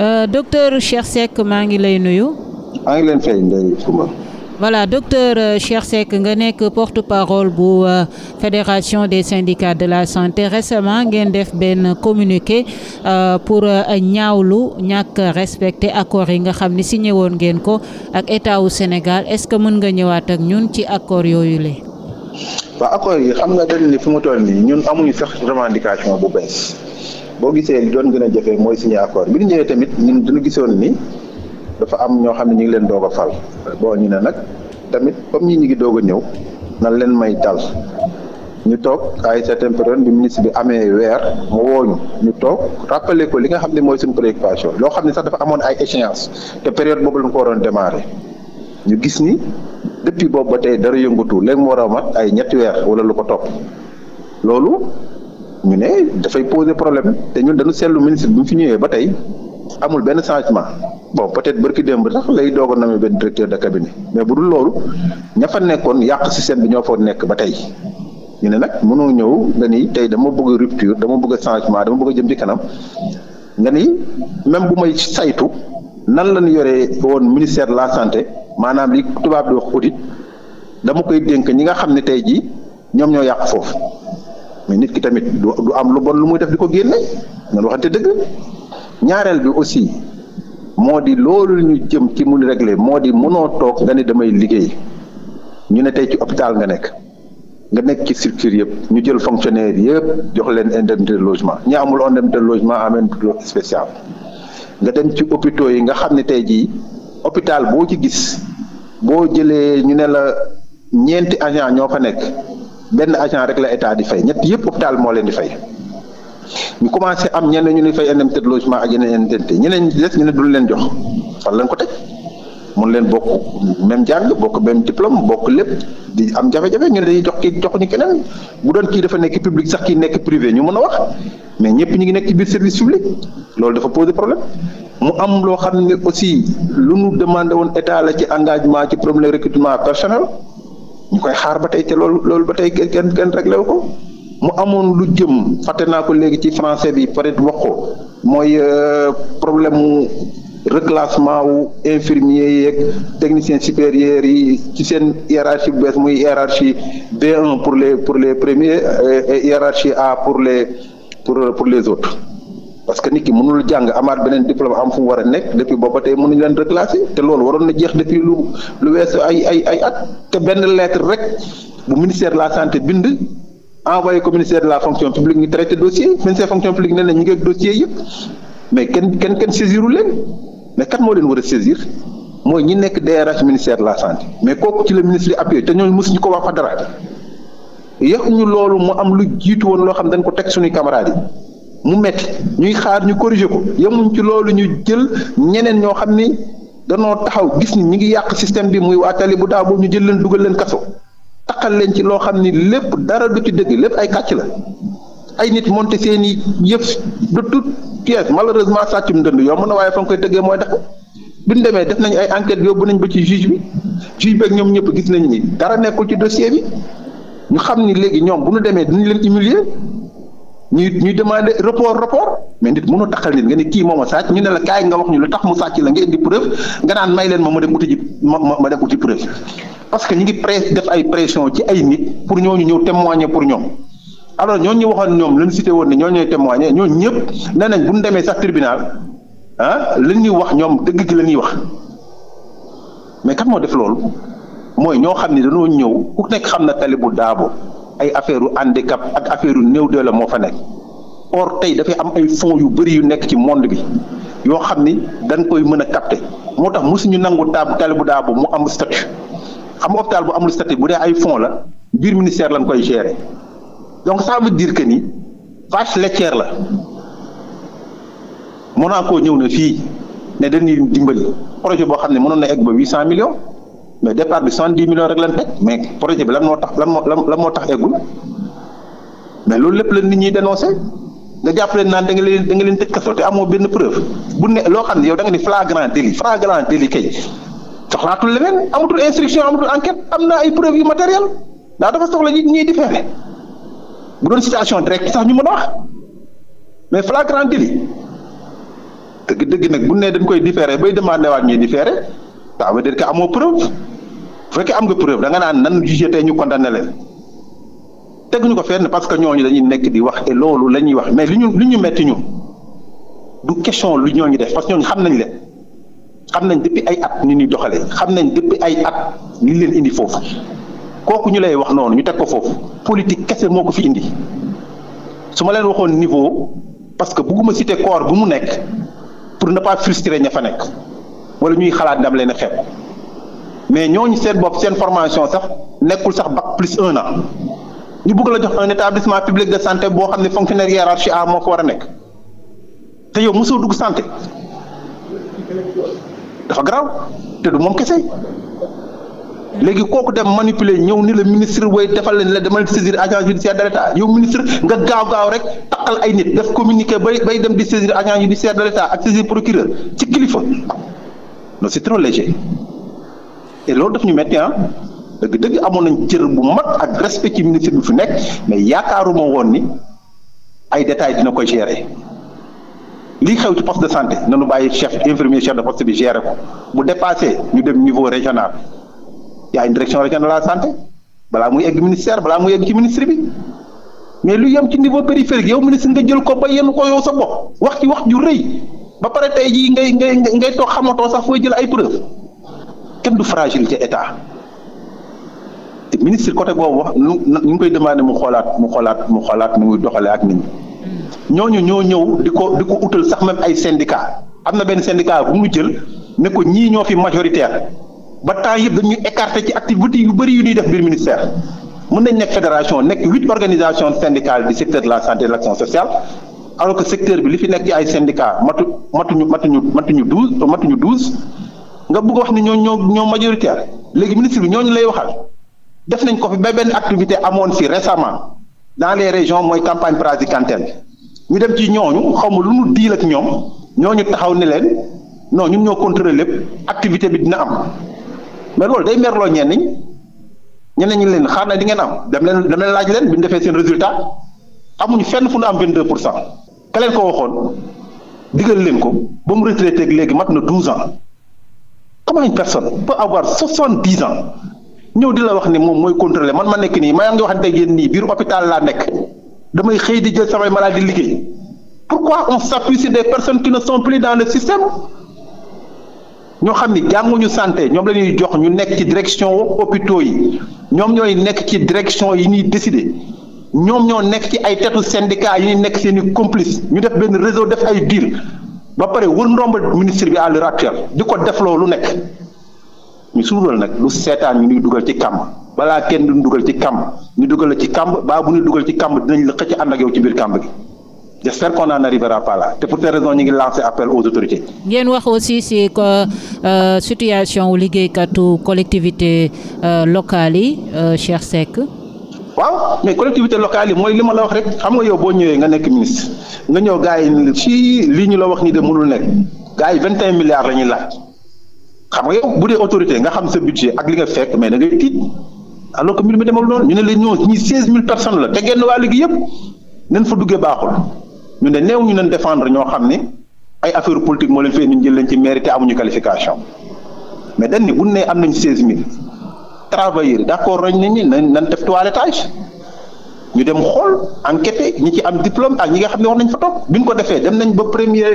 Euh, docteur Cheikh Seck maa ngi lay nuyu. maa ngi leen fay Ndeye Coumba. voilà docteur euh, Cheikh Seck nga nekk porte bu euh, fédération des syndicats de la santé récemment ngeen def benn communiqué pour ñaawlu ñàkk respecter accords yi nga xam ni si woon ngeen ko ak état wu Sénégal est-ce que mën nga ñëwaat ak ñun ci accords yooyu la. waaw accords yi xam nga dañ ni fi mu toll nii ñun amuñu sax revendication bu bees. boo gisee li doon gën a jafe mooy signé accord bi ñu ñëwee tamit ñun duñu gisoon ni dafa am ñoo xam ne ñu ngi leen doog fal boo ñu ne nag tamit comme ñi ñu ngi doog a ñëw nan leen may dal ñu toog ay certain période bi ministre bi amee weer mu wooñu ñu toog rappelé ko li nga xam ne mooy suñu préoccupation loo xam ne sax dafa amoon ay échéance te période boobu lañ ko waroon démarrer ñu gis ni depuis boobu ba tey dara yëngatu léegi mu war a mat ay ñetti weer wala lu ko topp loolu ñu ne dafay poser problème te ñu dañu seetlu ministre bi mu fi ñëwee ba tey amul benn changement boo peut-être ba bërki démb sax lay doog a namee benn directeur de cabinet mais bu loolu ña fa nekkoon yàq système bi ñoo fa nekk ba tey ñu ne nag mënoo ñëw nga ni tey dama bëgg rupture dama bëgg changement dama bëgg jëm ci kanam nga ni même bu may saytu nan la ñu yoree woon ministère la santé maanaam li tubaab di wax audit dama koy dénk ñi nga xam ne tey jii ñoom ñoo yàq foofu. nit ki tamit du am lu bon lu muy def di ko génne nan waxante dëgg ñaareel bi aussi moo di loolu ñu jëm ci mu réglé moo di mënoo toog nga ne damay liggéey ñu ne tey ci hôpital nga nekk nga nekk ci structure yëpp ñu jël fonctionnaire yëpp jox leen indemnité de logement ñi amul indemnité de logement am indemnité spécial nga dem ci hôpitaux yi nga xam ne tey jii hôpital boo ci gis boo jëlee ñu ne la ñeenti agent ñoo fa nekk benn agent rek la état di fay ñett yëpp hôpital moo leen di fay ñu commencé am ñenn ñu ni fay indemnité de logement ak yeneen indemnité ñeneen des ñu ne leen jox fan lañ ko teg mun leen bokk même jàng bokk même diplôme bokk lépp di am jafe-jafe ñu ne dañuy jox kii jox ñu keneen bu doon kii dafa nekk public sax kii nekk privé ñu mën a wax mais ñëpp ñu ngi nekk ci biir service public loolu dafa poser problème mu am loo xam ne aussi lu nu demandé woon état la ci engagement ci problème recrutement personnel. mu koy xaar ba tey te loolu loolu ba tey gën gën réglé wu ko mu amoon lu jëm fàtte naa ko léegi ci français bi peut être wax ko mooy euh, problème mu reclassement wu infirmiers yeeg techniciens supérieurs yi ci seen hiérarchie bu bees muy hiérarchie B1 pour les pour les premiers euh, et hiérarchie A pour les pour pour les autres. parce que nit ki mënul jàng amaat beneen diplôme am fu mu war a nekk depuis booba tey mënuñ leen reclasser te loolu waroon na jeex depuis lu lu weesu ay ay at te benn lettre rek bu ministère la santé bind envoyé ko la fonction publique ñu traité dossier ministère fonction publique nee na ñu dossier yëpp mais kenn kenn kenn saisiru leen mais kat moo leen war a saisir mooy ñi nekk DRH ministère la santé mais kooku ci la ministre yi appuyé te ñooñu mosuñu ko wax fa dara ñu loolu mu am lu jiitu woon loo xam dañ ko teg suñuy camarades yi. mu metti ñuy xaar ñu corriger ko yemuñ ci loolu ñu jël ñeneen ñoo xam ni danoo taxaw gis ni ñu ngi yàq système bi muy waa Talibutaa boobu ñu jël leen dugal leen kaso taqal leen ci loo xam ni lépp dara du ci dëgg lépp ay kàcc la ay nit monte seen i yëf de toute pièce malheureusement sàccum dënd yow mën na waaye fa nga koy tëggee mooy def ko bi ñu demee def nañ ay enquête yóbbu nañ ba ci juge bi juge ñoom ñëpp gis nañ ni dara nekkul ci dossier bi ñu xam ni léegi ñoom bu ñu demee dinañ leen humilier ñuy ñuy demandé report report mais nit mënoo taxal nit nga ne kii moom a sàcc ñu ne la kaay nga wax ñu lu tax mu sàcc la nga indi preuve nga naan may leen ma ma dem uti ji ma ma preuve parce que ñu ngi press def ay pression ci ay nit pour ñooñu ñëw témoigner pour ñoom alors ñooñu ñu waxoon ñoom lañu cité woon ne ñoo ñooy témoigner ñooñu ñëpp nee nañ bu ñu demee sax tribunal ah la ñuy wax ñoom dëgg gi la ñuy wax mais kan moo def loolu mooy ñoo xam ne dañoo ñëw ku nekk xam na Talibou Dabo ay affaire u handicap ak affaire u de la moo fa nekk or tey dafay am ay fonds yu bari yu nekk ci monde bi yoo xam ni dañ koy mën a capter moo tax mosuñu nangu taab Talibou Dabo mu am statut xam nga hôpital bu amul statut bu dee ay fonds la biir ministère lañ koy gérer donc ça veut dire que ni vache laitière la koo ñëw na fii ne dañuy dimbali projet boo xam ne mënoon na egg ba huit cent millions. mais départ bi cent dix millions rek teg mais projet bi lan moo tax lan moo lan moo tax eggul mais loolu lépp la nit ñi dénoncé nga jàppale naan da nga leen da nga leen tëj kaso te amoo benn preuve bu ne loo xam ne yow da nga ni flagrant délit flagrant délit kay soxlaatul leneen amatul instruction amatul enquête am na ay preuve yu matériel ndax dafa soxla ñi ñuy différé bu doon situation direct sax ñu mën a mais flagrant délit dëgg dëgg nag bu ne dañ koy différé bay demandé waat ñuy différé ça veut dire que amoo preuve bu am nga preuve da naan nan jugé tey ñu condamné leen teguñu ko fenn parce que ñooñu dañuy nekk di wax et loolu la ñuy wax mais li ñu li ñu metti ñun du question lu ñooñu def parce que ñooñu xam nañ leen xam nañ ay at ni ñuy doxalee xam nañ depuis ay at li leen indi foofu kooku ñu lay wax noonu ñu teg ko foofu politique kese moo ko fi indi su ma leen waxoon niveau parce que bugguma citer corps bu mu nekk pour ne pas frustrer ña fa nekk wala ñuy xalaat ndam leen a xeeb mais ñooñu seet bopp seen formation sax nekkul sax bac plus un an ñu bugg la jox un établissement publique de santé boo xam ne fonctionnaire hiérarchie A moo fa war a nekk te yow mosoo dugg santé dafa garaaw te du moom kese léegi kooku dem manipule ñëw ni la ministre way defal leen la demal saisir agent judiciaire de l'État yow ministre nga gaaw gaaw rek takkal ay nit def communiqué bay bay dem di saisir agent judiciaire de l'État ak saisir procureur ci kilifa non c'est trop léger. te loolu daf ñu métti ah dëgg-dëgg amoon nañ cër bu mat ak respect ci ministre bi fi nekk mais yaakaaruma woon ni ay détails dina koy gérer li xew ci poste de santé nanu bàyyi chef infirmier chef de poste bi gérer ko bu dépassé ñu dem niveau régional yaa une direction régionale de la santé balaa muy egg ministère balaa muy egg ci ministre bi mais lu yem ci niveau périphérique yow ministre nga jël ko ba yenn ko yow sa bopp wax ci wax ju rëy ba pare tey jii ngay ngay ngay toog xamatoo sax jël ay preuve kenn du fragilité état te ministre côté boobu wax nu ñu koy demandé mu xoolaat mu xoolaat mu xolaat nu muy doxalee ak nit hmm. ñoo ñu ñoo ñëw di ko di ko utal sax même ay syndicat am na benn syndicat bu mu jël ne ko ñii ñoo fi majoritaire ba temps yëpp dañuy écarté ci activité yu bëri yu ñuy def biir ministère mën nañ nekk fédération nekk huit organisations syndicales du secteur de la santé et de l'action sociale alors que secteur bi li fi nekk ay syndicats matu matuñu matuñu matuñu douze matuñu douze nga bëgg wax ni ñoo ñoo ñoo majoritaire léegi ministre bi ñoo ñu lay waxal def nañ ko fi ba benn activité amoon fi récemment dans les régions mooy campagne présidentielle bi ñu dem ci ñooñu xaw ma lu mu diil ak ñoom ñoo ñu taxaw ne leen non ñu ñoo contrôler lépp activité bi dina am mais loolu day merloo ñenn ñi ñeneen ñi leen xaar na di ngeen am dem leen dem leen laaj leen bi ñu defee seen résultat amuñu fenn fu nu am 22 pour cent ka ko waxoon digal leen ko ba mu retraité léegi mat na 12 ans. comment une personne peut avoir soixante-dix ans ñëw di la wax ni moom mooy contrôler man ma nekk nii maa ngi wax ak yéen nii biir hôpital laa nekk damay xëy di jël samay maladie liggéey pourquoi on s'appuie sur des personnes qui ne sont plus dans le système ñoo xam ni jànguñu santé ñoom la ñuy jox ñu nekk ci direction hôpitaux yi ñoom ñooy nekk ci direction yi ñuy décider ñoom ñoo nekk ci ay tetu syndicat yi ñuy nekk seen seeni complice ñu def benn réseau def ay deal ba pare wër ndomba ministre bi à l'heure di ko def lu nekk ñu suudal nag lu seetaan ñu ñuy dugal ci kàmb balaa kenn duñ dugal ci kàmb ñu dugal la ci kàmb baa bu ñu dugal ci kàmb dinañ la ci ànd ak yow ci biir kàmb gi j'espère qu'on n'en arrivera pas là te pour ces raisons ñu ngi lancer appel aux autorités. ngeen wax aussi si que euh, situation liggéeykatu collectivité euh, locale yi euh, Cheikh Seck. waaw mais collectivité locale yi mooy li ma la wax rek xam nga yow boo ñëwee nga nekk ministre nga ñëw gars yi ci lii ñu la wax nii de mënul nekk gars yi vingt et un milliards la ñuy laaj xam nga yow bu dee autorité nga xam sa budget ak li nga fekk mais da tiit alors que mbir mi demul noonu ñu ne la ñoo ñi seize mille personnes la te genn waa duggee baaxul ñu ne néew ñu leen défendre ñoo xam ni ay affaire politique moo leen fee ñu jël leen ci mairie te amuñu qualification mais dañ ni bu ne am nañ seize mille travailleurs d' accord nii ni nañ nañ def toilettage ñu dem xool enquete ñi ci am diplôme ak ñi nga xam ne war nañ fa toog bi ñu ko defee dem nañ ba premier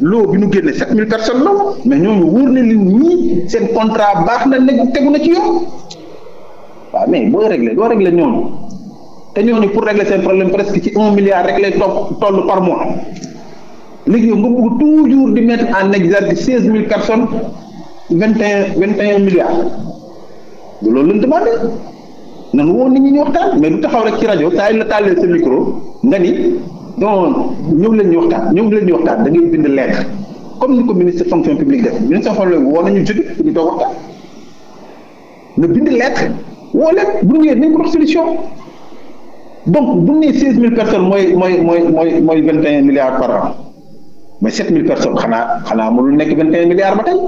lot bi ñu génne 7000 personnes la woon mais ñooñu wóor na leen ñii seen contrat baax na tegu na ci yoon waaw mais booy réglé doo réglé ñooñu te ñooñu pour régler seen problème presque ci un milliard rek lay topp toll par mois léegi yow nga bëgg toujours di mettre en son 16000 personnes 21 21 milliards. du loolu lañ demandé nan woon nit ñu waxtaan mais du taxaw rek ci rajo saa yi la tàllee sa micro nga ni non ñëw leen ñu waxtaan ñëw leen ñu waxtaan da ngay bind lettre comme ni ko ministre fonction publique def ministre fonction woo nañu jeudi ñu toog waxtaan na bind lettre woo leen bu ñëwee nañ ko dox solution donc bu ñu nee seize mille personnes mooy mooy mooy mooy mooy vingt et un milliards par an mais sept mille personnes xanaa xanaa mënul nekk vingt et un milliards ba tey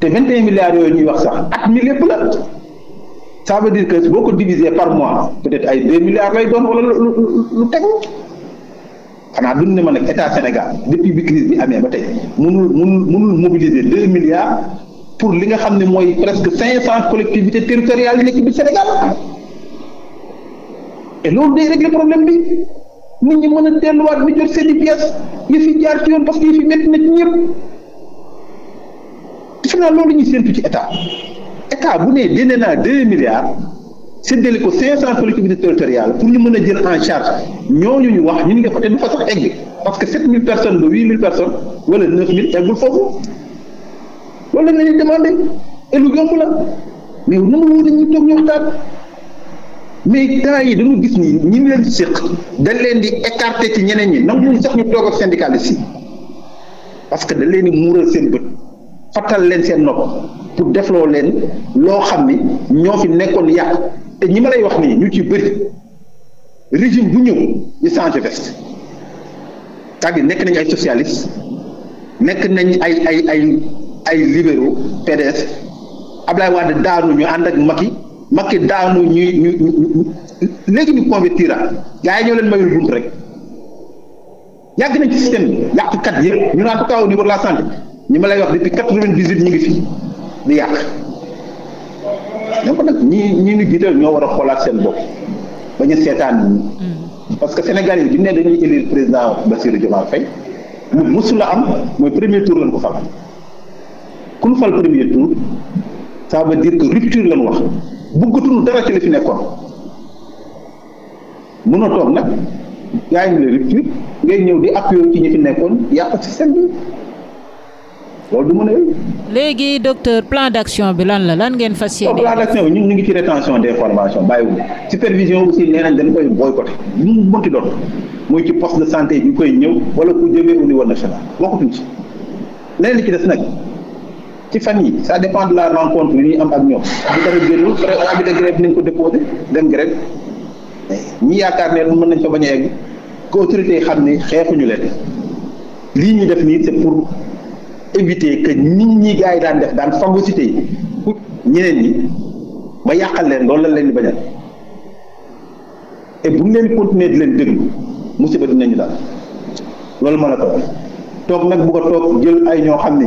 te vingt et un yooyu ñuy wax sax at lépp ça veut dire que boo ko diviser par mois peut-être ay deux milliards lay doon wala lu lu tegu xanaa duñ ne ma nag état Sénégal depuis bi crise bi amee ba tey mënul mënul mënul mobiliser deux milliards pour li nga xam ne mooy presque cinq cent collectivités territoriales yi nekk bi Sénégal et loolu day régler problème bi nit ñi mën a delluwaat bi jot seen i pièces yi fi jaar ci yoon parce que yi fi métti na ci ñëpp defe naa loolu la ñuy séntu ci état. état bu ne génne naa deux milliards séddale ko cinq cent collectivités territoriales pour ñu mën a jël en charge ñooñu ñu wax ñu ngi fa te du fa sax egg parce que sept mille personnes ba huit mille personnes wala neuf mille eggul foofu loolu la ñuy demandé et la mais na ma wóor ñu toog ñu mais temps yi dañu gis ni ñi leen séq dañ leen di écarté ci ñeneen ñi nangu ñu sax ñu toog ak syndicaliste yi parce que dañ leen di muural seen bët fattal leen seen nopp. pour defloo leen loo xam ni ñoo fi nekkoon yàqu te ñi ma lay wax nii ñu ci bëri régime bu ñëw ñu changé veste cest à nekk nañu ay socialiste nekk nañ ay ay ay ay libéraux PDS Ablaye Wade daanu ñu ànd ak Macky Macky daanu ñuy ñu léegi ñu convertir gars yi ñoo leen mayul bunt rek yàgg nañ ci système bi yàqkat yëpp ñu naan ko kaw au niveau de la santé ñi ma lay wax depuis quatre-vingt-dix-huit ñu ngi fii di yàq nag ñii ñii ñu jiital ñoo war a xoolaat seen bopp ba seetaan mm. parce que Sénégal bi ne dañuy élire président Bassirou Diomaye Faye mu musu la am mooy premier tour lañ ko fal ku ñu fal premier tour ça veut dire que rupture lañ wax bëggatul dara ci li fi nekkoon mën a nag yaa ngi la rupture ngay ñëw di appuyé ci ñi fi nekkoon yàq système bi. loolu du mën a yëg. léegi docteur plan d'action bi lan la lan ngeen fas yéene. ñun ñu ngi ci rétention d'information bàyyiwul supervision aussi nee nañ dañ koy boycotté ñu mu mënti doon muy ci poste de santé yi ñu koy ñëw wala ku jógee au niveau national waxatuñ ci leneen li ci des nag ci fan yi ça dépend de la rencontre yi ñuy am ak ñoom bu dara génnul pré bi de grève nañ ko déposé dem grève ñi yaakaar ne mën nañ ko bañ a yegg que xam ni xeexuñu leen lii ñu def nii c'est pour. éviter que nit ñi gaa yi daan def daan fagocité yi pour ñeneen ñi ba yàqal leen loolu lañ leen di bañal bu leen continuer di leen déglu musiba dinañu daal loolu mën a ko toog nag bu ko toog jël ay ñoo xam ne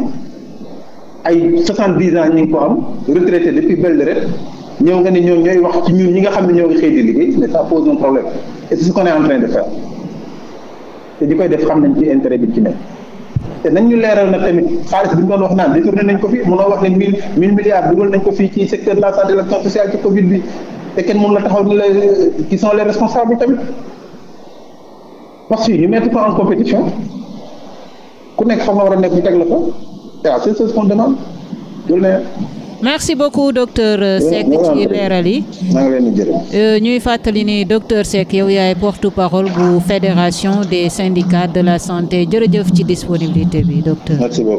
ay soixante dix ans ñu ngi ko am retraité depuis belle lurette ñëw nga ne ñoom ñooy wax ci ñun ñi nga xam ne ñoo ngi xëy di liggéey mais ça pose un problème et c'est ce qu'on est en de faire te ñi koy def xam nañ ci intérêt bi ci nekk. te nañ ñu leeral na tamit xaalis bi ñu doon wax naan détourné nañ ko fi munoo wax ne mille mille milliards dugal nañ ko fii ci secteur de la santé de l'action sociale ci Covid bi te kenn mun la taxaw ni la qui sont les responsables tamit parce ñu mettre ko en compétition ku nekk fa nga war a nekk ñu teg la ko waaw c'est ce qu'on demande loolu ne merci beaucoup docteur euh, Seck ci leeral euh, ñuy fàttali ni docteur Seck yow yaay porte-parole bu fédération des syndicats de la santé jërëjëf ci disponibilité bi docteur